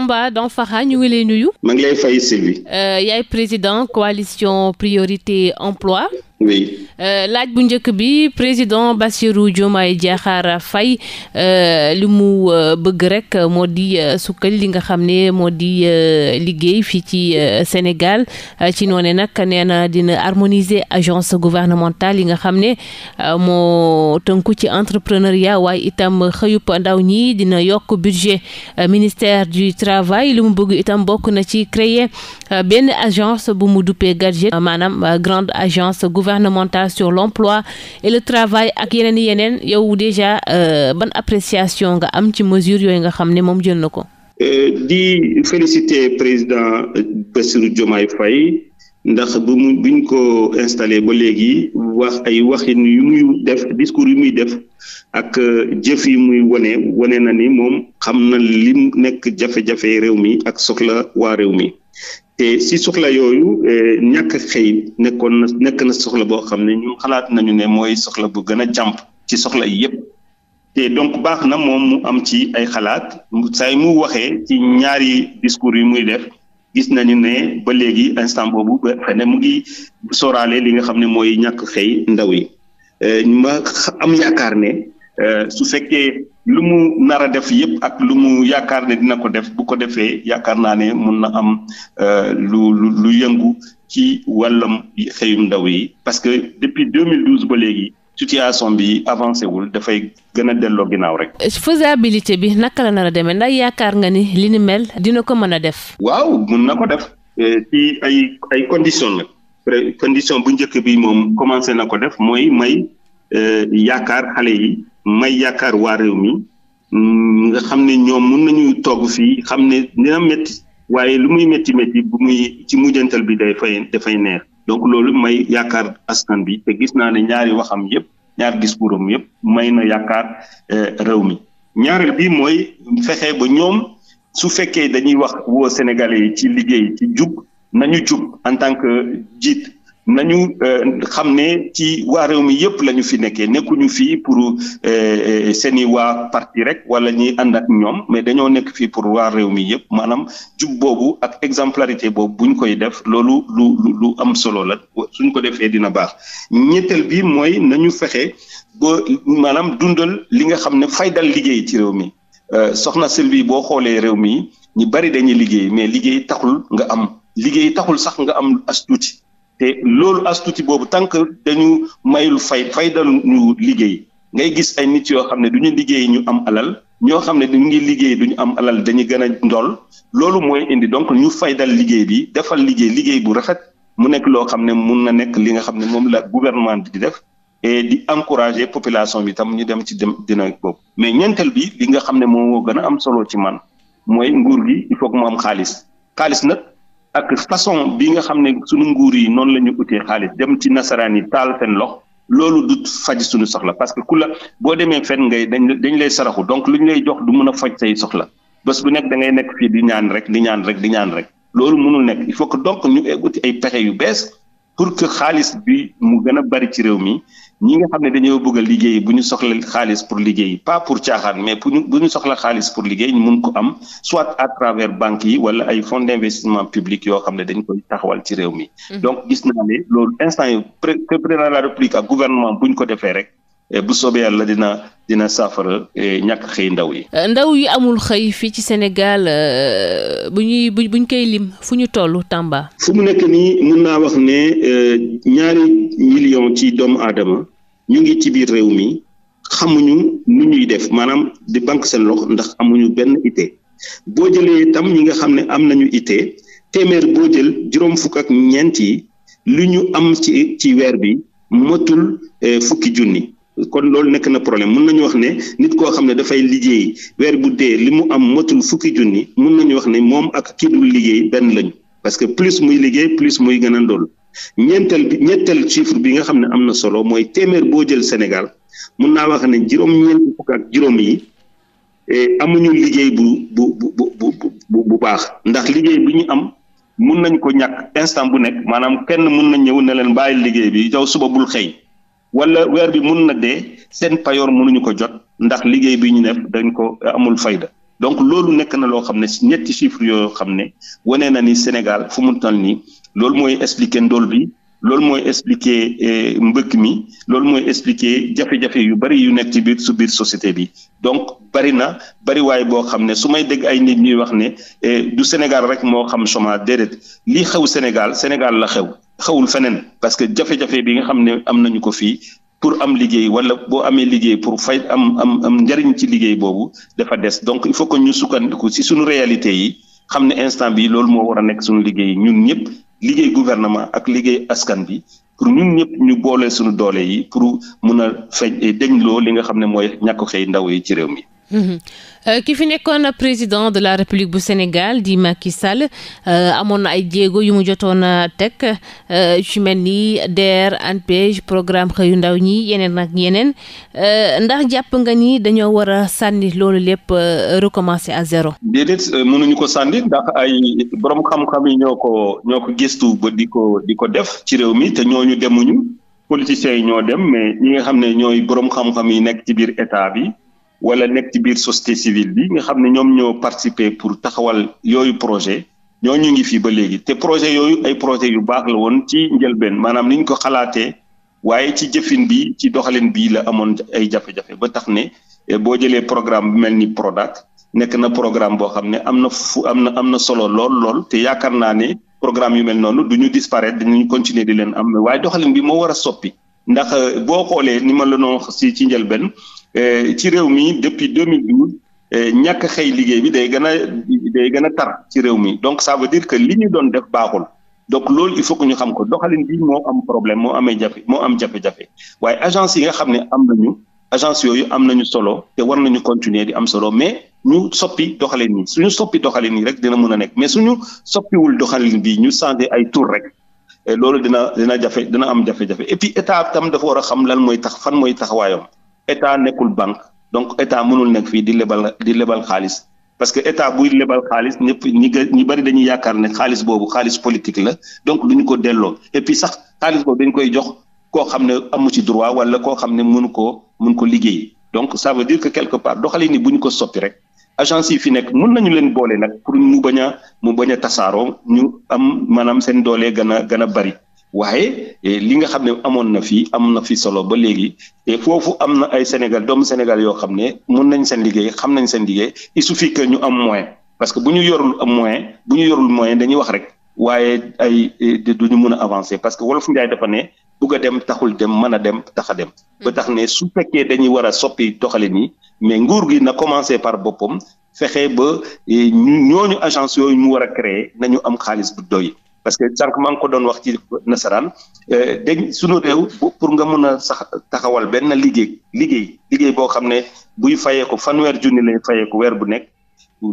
Samba Danfara ñu ngi lay nuyu. maa ngi lay fay Sylvie. Euh, yaay président coalition priorité emploi. oui euh, laaj bu njëkk bi président Bassirou Diomaye Diakhar Faye euh, li mu euh, bëgg rek moo di sukkal li nga xam ne moo di liggéey fii ci Sénégal ci noone nag nee na dina harmoniser agence gouvernementale yi nga xam ne moo tënku ci entrepreneuriat waaye itam xëyub ndaw ñi dina yokk budget ministère du travail li mu bëgg itam bokk na ci créer benn agence bu mu duppee gadget maanaam grande agence gouvernementale gouvernementale montation l'emploi et le travail ak yeneen yeneen yow déjà euh, ban appréciation nga am ci mesure yooyu nga xam ne moom jël na ko. Euh, di féliciter président euh, Bassirou Diomaye Faye ndax bu mu buñ ko installer ba léegi wax ay waxin yu muy def discours yu muy def ak jëf yi muy wone wone na ni moom xam na lim nekk jafe-jafe réew mi ak soxla waa réew mi te si soxla yooyu eh, ñàkk xëy nekkoon na nekk na soxla boo xam ne ñun xalaat nañu ne mooy soxla bu gën a jàmp ci soxla yi yëpp te donc baax na moom mu am ci ay xalaat saay mu waxee ci ñaari discours yu muy def gis nañu ne ba léegi instant boobu ba xëy mu ngi sóoraale li nga xam ne mooy ñàkk xëy ndaw yi eh, ma am yaakaar ne eh, su fekkee lu mu nar a def yëpp ak lu mu yaakaar ne dina ko def bu ko defee yaakaar naa ne mun na am euh, lu lu lu yëngu ci wàllam xëyum ndaw yi parce que depuis mille 2012 ba léegi situation bi avancé wul dafay gën a delloo ginnaaw rek. faisabilité bi naka la nar a demee ndax yaakaar nga ni li ni mel dina ko mën a def. waaw mun na ko def. Euh, ci ay ay conditions la. condition bu njëkk bi moom commencé na ko def mooy may euh, yaakaar xale yi. may yaakaar waa réew mi mm, nga xam ne ñoom mun nañu togg fii xam ne dina métti waaye lu muy métti métti bu muy ci mujjantal bi day fay dafay neex donc loolu may yaakaar askan bi te gis naa ne ñaari waxam yëpp ñaar discours am yëpp may na yaakaar euh, réew mi ñaareel bi mooy fexe ba ñoom su fekkee dañuy wax woo Sénégalais yi ci liggéey ci jub nañu jub en tant que jiit nañu euh, xam ne ci waa réew mi yëpp lañu fi nekkee nekkuñu fii pour euh, euh, seen i waa parti rek wala ñuy ànd ak ñoom mais dañoo nekk fii pour waa réew mi yëpp maanaam jub boobu ak exemplarité boobu buñ koy def loolu lu lu am solo la suñ ko defee dina baax ñetteel bi mooy nañu fexe ba maanaam dundal li nga xam ne faydal liggéey ci réew mi soxna Sylvie boo xoolee réew mi ñu bari dañuy liggéey mais liggéey taxul nga am liggéey taxul sax nga am as tuuti te loolu astuti boobu tant que dañu mayul fay fay ñu liggéey ngay gis ay nit yoo xam ne du ñu liggéey ñu am alal ñoo xam ne ñu ngi liggéey du ñu am alal dañuy gën ndool loolu mooy indi donc ñu faydal liggéey bi defal liggéey liggéey bu rafet mu nekk loo xam ne mun na nekk li nga xam ne moom la gouvernement di def e di encourager population bi tam ñu dem ci dem dina boobu mais ñeenteel bi li nga xam ne moom moo gën a am solo ci man mooy nguur gi il faut que am xaalis xaalis nag ak façon bi nga xam ne sunu nguur yi noonu la ñu utee xaalis dem ci nasaraan yi taal seen lox loolu du faj suñu soxla parce que ku la boo demee fenn ngay dañ dañ lay saraxu donc lu ñu lay jox du mun a faj say soxla bés bu nekk da ngay nekk fii di ñaan rek di ñaan rek di ñaan rek loolu mënul nekk il faut que donc ñu uti ay pexe yu bees pour que xaalis bi mu gën a bari ci réew mi ñi nga xam ne dañoo bëgg liggéey bu ñu soxla xaalis pour liggéey pas pour caaxaan mais pour ñu bu ñu soxla xaalis pour liggéey ñu mun ko am soit à travers banque yi wala ay fonds d'investissement public yoo xam ne dañ koy taxawal ci réew mi. Mm-hmm. donc gis naa ne loolu instant yi pré président de la république ak gouvernement bu ñu ko defee rek. E, bu soobee yàlla dina dina saafara e, ñàkk xëy ndaw yi. E, ndaw yi amul xëy fii ci Sénégal bu ñuy bu ñu koy lim fu ñu toll Tamba. fu mu nekk nii mun naa wax ne ñaari million ci doomu aadama ñu ngi ci biir réew mi xamuñu nu ñuy def maanaam di banque seen loxo ndax amuñu benn ité boo jëlee tam ñi nga xam ne am nañu ite téeméer boo jël juróom fukk ak ñeent yi lu ñu am ci ci weer bi motul fukki junni. kon loolu nekk na problème mun nañu wax ne nit koo xam ne dafay liggéey weer bu dee li mu am motul fukki junni mun nañu wax ne moom ak kii dul liggéey benn lañu parce que plus muy liggéey plus muy gën a ndóol ñeenteel bi ñetteel chiffre bi nga xam ne am na solo mooy téeméer boo jël Sénégal mun naa wax ne juróom-ñeent fukk ak juróom yi e, amuñu liggéey bu bu bu bu baax ndax liggéey bi ñu am mun nañ ko ñàkk instant bu nekk maanaam kenn mun na ñëw ne leen bàyyi liggéey bi daw suba bul xëy. wala weer bi mun na dee seen payoor munuñu ko jot ndax liggéey bi ñu nekk dañ ko amul fayda donc loolu nekk na loo xam ne si ñetti chiffres yoo xam ne wane na ni Sénégal fu mun toll nii loolu mooy expliquer ndóol bi loolu mooy expliquer eh, mbëkk mi loolu mooy expliquer jafe-jafe yu bari yu nekk ci biir su biir société bi donc bari na bariwaay boo xam ne su may dégg ay nit ñuy wax ne eh, du Sénégal rek moo xam soma déedéet lii xew Sénégal Sénégal la xew. xawul feneen parce que jafe-jafe bi nga xam ne am nañu ko fii pour am liggéey wala boo amee liggéey pour fay am am am njariñ ci liggéey boobu dafa des donc il faut que ñu sukkandiku si suñu réalité yi xam ne instant bi loolu moo war a nekk suñu liggéey ñun ñëpp liggéey gouvernement ak liggéey askan bi pour ñun ñëpp ñu boole suñu doolee yi pour mun a fec eh, deñ loo li nga xam ne mooy ñàkku xëy ndaw yi ci réew mi Mhm. Euh, ki fi nekkoon président de la république bu Sénégal di Macky Sall euh, amoon na ay jéego yu mu jotoon a teg euh, ci mel ni DER ANPEJ programme xëyu ndaw ñi yeneen nag yeneen ndax jàpp nga nii dañoo war a sànni loolu lépp recommencer à zéro. déedéet mënuñu ko sànni ndax ay borom xam-xam yi ñoo ko ñoo ko gëstu ba di ko di ko def ci réew mi te ñooñu demuñu politiciens yi ñoo dem mais ñi nga xam ne ñooy borom xam-xam yi nekk ci biir état bi. wala nekk ci biir société civile bi nga xam ne ñoom ñoo participer pour taxawal yooyu projet ñoo ñu ngi fii ba léegi te projet yooyu ay projet yu baax la woon ci njëlbeen maanaam ni ñu ko xalaatee waaye ci jëfin bi ci doxalin bii la amoon ay jafe-jafe ba tax ne eh, boo jëlee programme bu mel ni Prodac nekk na programme boo xam ne am na fu am na am na solo lool lool te yaakaar naa ne programme yu mel noonu du ñu disparaître dañuy continuer di leen am waaye doxalin bi moo war a soppi ndax eh, boo xoolee ni ma la noo si ci njëlbeen Eh, ci réew mi depuis 2012 eh, ñàkk xëy liggéey bi day gën a day gën a tar ci réew mi donc ça veut dire que li ñu doon def baaxul donc loolu il faut que ñu xam ko doxalin bi moo am problème moo amee jafe moo am jafe-jafe waaye agence yi nga xam ne am nañu agence yooyu am nañu solo te war nañu continuer di am solo mais ñu soppi doxalin yi suñu soppi doxalin bi rek dina mën a nekk mais suñu soppiwul doxalin bi ñu changé ay tour rek eh, loolu dana dana jafe dina am jafe-jafe état tam dafa war a xam lan mooy tax fan mooy taxawaayam état nekkul banque donc état munul nekk fii di lebal di lebal xaalis parce que état buy lebal xaalis ñëpp ñi ñi bëri dañuy yaakaar ne xaalis boobu xaalis politique la donc duñu ko delloo et puis sax xaalis boobu dañ koy jox koo xam ne amu ci droit wala koo xam ne mënu ko mun ko liggéey donc ça veut dire que quelque part doxalin ni bu ñu ko soppi rek agence yi fi nekk mun nañu leen boole nag pour mu bañ a mu bañ a tasaaroo ñu am maanaam seen doole gën a gën a bëri waaye eh, li nga xam ne amoon na fi am na fi solo ba léegi eh, foofu am na ay Sénégal doomu Sénégal yoo xam ne mun nañ seen liggéey xam nañ seen liggéey il suffit que ñu am moyen parce que bu ñu yorul am moyen bu ñu yorul moyen dañuy wax rek waaye ay eh, duñu mun a avancer parce que wolof Njaay dafa ne bugg dem taxul dem mën a dem tax a dem. Mm. ba tax ne su fekkee dañuy war a soppi doxalin yi mais nguur gi na commencer par boppam fexe ba ñooñu agence yooyu mu war a créer nañu am xaalis bu doy. parce que sànq maa ngi ko doon wax ci nasaraan euh, dégg suñu réew bu pour nga mun a sax taxawal benn liggéey liggéey liggéey boo xam ne buy fayee ko fanweer junni lay fayee ko weer bu nekk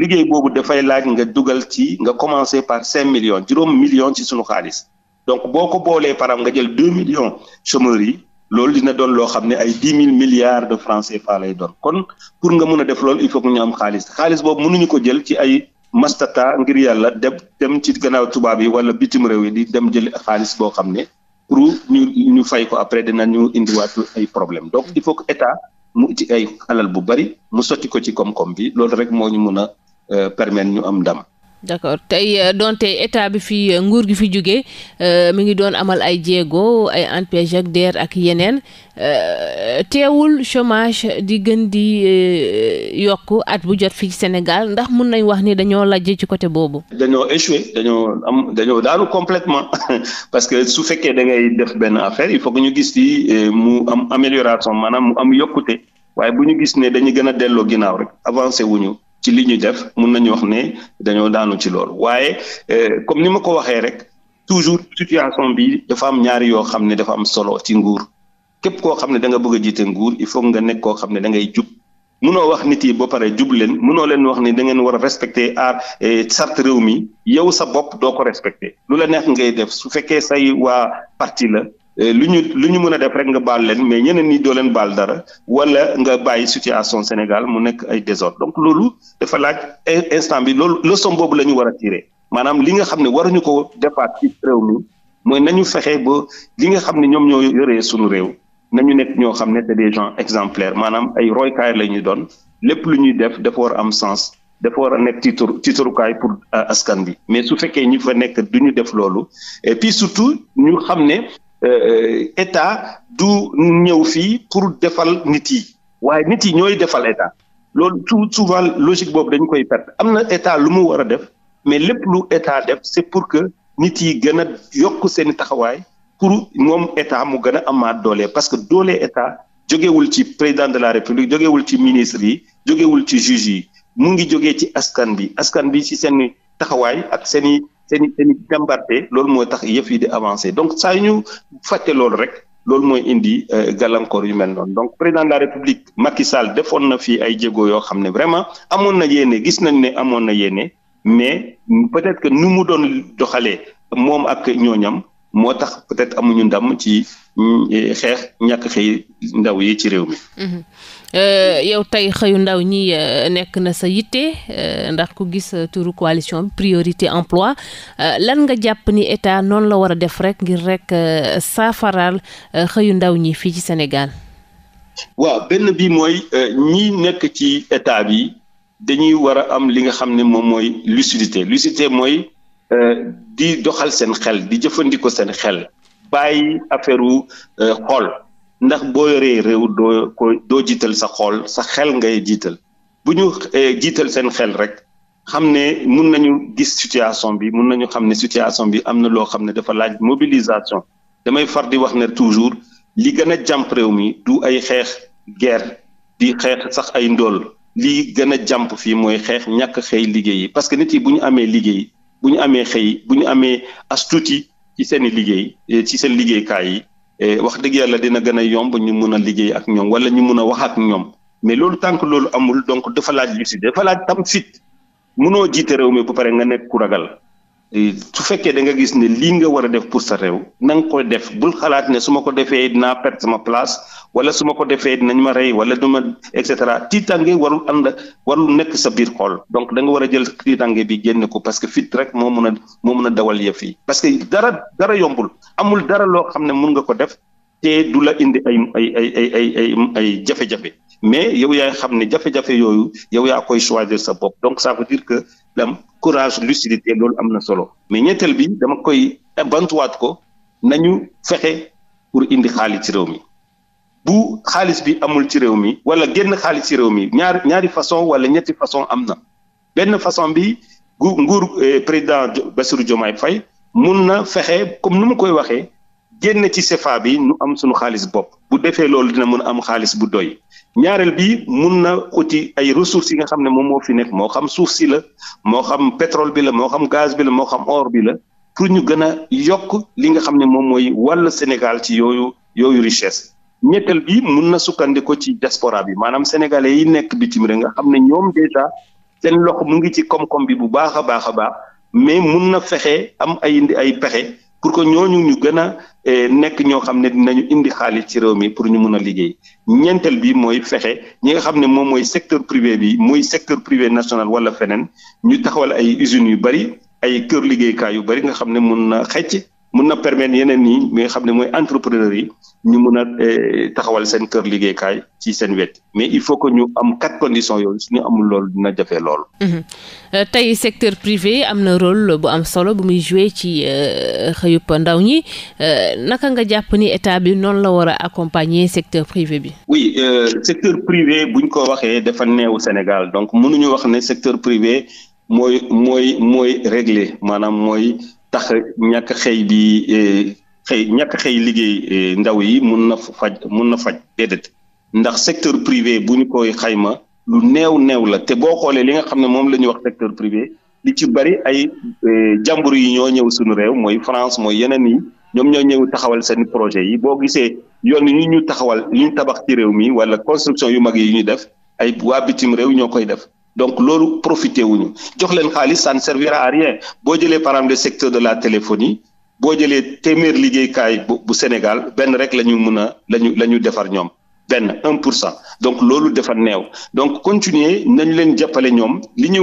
liggéey boobu dafay laaj nga dugal ci nga commencé par cinq millions juróom millions ci suñu xaalis donc boo ko boolee param nga jël deux millions chômeurs yi loolu dina doon loo xam ne ay dix mille milliards de francs CFA lay doon kon pour nga mun a def loolu il faut que ñu am xaalis xaalis boobu mënuñu ko jël ci ay mastata ngir yàlla dem dem ci gannaaw tubaab yi wala bitim réew yi di dem jëli xaalis boo xam ne pour ñu ñu fay ko après dinañu indiwaat ay problème donc il faut que état mu uti ay alal bu bari mu sotti ko ci koom-koom bi loolu rek moo ñu mun a euh, permettre ñu am ndam. d' accord tey euh, donte état bi fi euh, nguur gi fi jógee euh, mi ngi doon amal ay jéego ay ANPEJ ak DER ak yeneen teewul chômage di gën di yokk at bu jot fii Sénégal ndax mun nañ wax ni dañoo lajj ci côté boobu. dañoo échoué dañoo am dañoo daanu complètement parce que su fekkee da def benn affaire il faut que ñu gis ci mu am amélioration maanaam mu am yokkute waaye bu ñu gis ne dañu gën a delloo ginnaaw rek avancé ñu ci li ñu def mun nañu wax ne dañoo daanu ci loolu waaye euh, comme ni ma ko waxee rek toujours situation bi dafa am ñaari yoo xam ne dafa am solo ci nguur képp koo xam ne da nga bëgg a jiite nguur il faut nga nekk koo xam ne da ngay jub munoo wax nit yi ba pare jub leen munoo leen wax ni da ngeen war a respecter aar eh, charte réew mi yow sa bopp doo ko respecter lu la neex ngay def su fekkee say waa parti la Euh, lu ñu lu ñu mën a def rek nga baal leen mais ñeneen ni doo leen baal dara wala nga bàyyi situation Sénégal mu nekk ay désordre donc loolu dafa laaj instant bi loolu leçon boobu la ñu war a tiré maanaam li nga xam ne waruñu ko defaat ci réew mi mooy nañu fexe ba li nga xam ne ñoom ñoo yoree suñu réew nañu nekk ñoo xam ne c'est des gens exemplaires maanaam ay roykaay la ñuy doon lépp lu ñuy def dafa war am sens dafa war a nekk tiitur tiiturukaay pour euh, askan bi mais su fekkee ñu fa nekk du ñu def loolu puis surtout ñu xam ne Euh, état du ñëw fii pour defal nit yi waaye nit yi ñooy defal état loolu tout souvent logique boobu dañ koy perte am na état lu mu war a def mais lépp lu état def c'est pour que nit yi gën a yokk seen taxawaay pour moom état mu gën a amaat doole parce que doole état jógewul ci président de la république jogewul ci ministre yi jógewul ci juge yi mu ngi joge ci askan bi askan bi ci seen taxawaay ak seen i seen i seen i jàmbarte loolu mooy tax yëf yi di avancer donc saa yu ñu fàtte loolu rek loolu mooy indi euh, gàllankoor yu mel noonu donc président de la république Macky Sall defoon na fii ay jéego yoo xam ne vraiment amoon na yéene gis nañ ne amoon na yéene mais peut-être que nu mu doon doxalee moom ak ñooñam moo tax peut-être amuñu ndam ci mm, xeex ñàkk xëy ndaw yi ci réew mi. Mm-hmm. Euh, yow tey xëyu ndaw ñi euh, nekk na sa yitte euh, ndax ku gis turu coalition bi priorité emploi lan nga jàpp ni état noonu la war a def rek ngir rek saafaraal xëyu ndaw ñi fii ci Sénégal. waaw benn bi mooy ñi nekk ci état bi dañuy war a am li nga xam ne moom mooy lucidité lucidité mooy di doxal seen xel di jëfandikoo seen xel bàyyi affaire u xool. ndax boo yoree réew doo ko doo jiital sa xool sa xel ngay jiital bu ñu eh, jiital seen xel rek xam ne mun nañu gis situation bi mun nañu xam ne situation bi am na loo xam ne dafa laaj mobilisation damay far di wax ne toujours li gën a jàmp réew mi du ay xeex guerre di xeex sax ay ndool lii gën a jàmp fii mooy xeex ñàkk xëy liggéey parce que nit yi bu ñu amee liggéey bu ñu amee xëy bu ñu amee astuti ci seen i liggéey eh, ci seen liggéeykaay yi Eh, wax dëgg yàlla dina gën a yomb ñu mun a liggéey ak ñoom wala ñu mun a wax ak ñoom mais loolu tànk loolu amul donc dafa laaj lucide dafa laaj tam fit munoo jiite rew mi ba pare nga nekk ku ragal su fekkee danga gis ne lii nga war a def pour sa réew nanga nga koy def bul xalaat ne su ma ko defee dinaa perte sama place wala su ma ko defee dinañ ma rey wala du ma et cetera tiitange warul ànd warul nekk sa biir xool donc da nga war a jël tiitange bi génne ko parce que fit rek moo mun a moo mun a dawal yëf yi parce que dara dara yombul amul dara loo xam ne mun nga ko def te du la indi ay ay ay ay ay ay jafe-jafe mais yow yaay xam ne jafe-jafe yooyu yow yaa koy choisir sa bopp donc sa veut dire que dem courage lucidité loolu am na solo mais ñetteel bi dama koy bantuwaat ko nañu fexe pour indi xaalis ci réew mi bu xaalis bi amul ci réew mi wala génn xaalis ci réew mi ñaar ñaari façon wala ñetti façon am na benn façon bi gu nguur eh, président Bassirou Diomaye fay mun na fexe comme nu mu koy waxee génn ci CFA bi nu am sunu xaalis bopp bu defee loolu dina mun am xaalis bu doy ñaareel bi mun na uti ay ressources yi nga xam ne moom moo fi nekk moo xam suuf si la moo xam pétrole bi la moo xam gaz bi la moo xam or bi la pour ñu gën a yokk li nga xam ne moom mooy wàll Sénégal ci yooyu yooyu richesse ñetteel bi mun na sukkandiku ci diaspora bi maanaam sénégalais yi nekk bitim rek nga xam ne ñoom dèjà seen loxo mu ngi ci koom-koom bi bu baax a baax a baax mais mun na fexe am ay ay pexe. pour que ñooñu ñu gën a eh, nekk ñoo xam ne dinañu indi xaalis ci réew mi pour ñu mun a liggéey ñeenteel bi mooy fexe ñi nga xam ne moom mooy secteur privé bi muy secteur privé national wala feneen ñu taxawal ay usines yu bari ay kër liggéeykaay yu bari nga xam ne mun na xecc mun na permettre yeneen ñi mi nga xam ne mooy entrepreneur yi ñu mun a eh, taxawal seen kër liggéeykaay ci seen wet mais il faut que ñu am quatre conditions yooyu suñu amul loolu dina jafe lool mhm. euh, tey secteur privé am na rôle bu am solo bu muy joué ci euh, xëyub ndaw ñi euh, naka nga jàpp ni état bi noonu la war a accompagner secteur privé bi. oui euh, secteur privé buñ ko waxee dafa neewu Sénégal donc mënuñu wax ne secteur privé mooy mooy mooy réglé maanaam mooy. tax ñàkk xëy di e, xëy ñàkk xëy liggéey e, ndaw yi mun na faj mun na faj déedéet ndax secteur privé bu ñu koy xayma lu néew néew la te boo xoolee li nga xam ne moom la ñuy wax secteur privé li ci bari ay e, jàmbur yi ñoo ñëw suñu réew mooy France mooy yeneen yi ñoom ñoo ñëw taxawal seen projet yi boo gisee yoon yi ñu taxawal yu tabax ci réew mi wala construction yu mag yi ñu def ay waa bitim réew ñoo koy def donc loolu profité wuñu jox leen xaalis ça ne servira à rien boo jëlee par exemple le secteur de la téléphonie boo jëlee téeméer liggéeykaay bu bu Sénégal benn rek la ñu mën a la ñu la ñu defar ñoom benn un pour cent donc loolu defar neew donc continuer nañu leen jàppale ñoom li ñu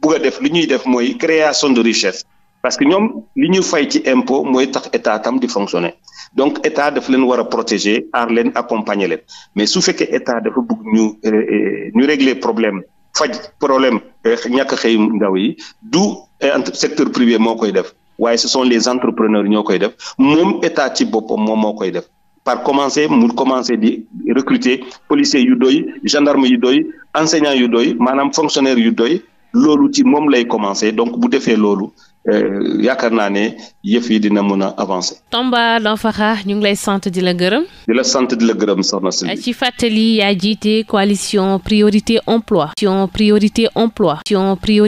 bugg def li ñuy def mooy création de richesse parce que ñoom li ñu fay ci impôt mooy tax état tam di fonctionner donc état daf leen war a protéger aar leen accompagner leen mais su fekkee état dafa bugg ñu euh, euh, ñu régler problème faj problème euh, ñàkk xëy ndaw yi du euh, secteur privé moo koy def waaye ce sont les entrepreneurs ñoo koy def moom état ci boppam moom moo koy def par commencer mu commencer di recruter policiers yu doy gendarme yu doy enseignants yu doy maanaam fonctionnaires yu doy loolu ci moom lay commencer donc bu defee loolu Euh, yaakaar naa ne yëf yi dina mën a avancer. Tamba Danfakha ñu ngi lay sant di la gërëm. di la sant di la gërëm soxna ci fàttali yaa jiite coalition priorité emploi. coalition priorité emploi. coalition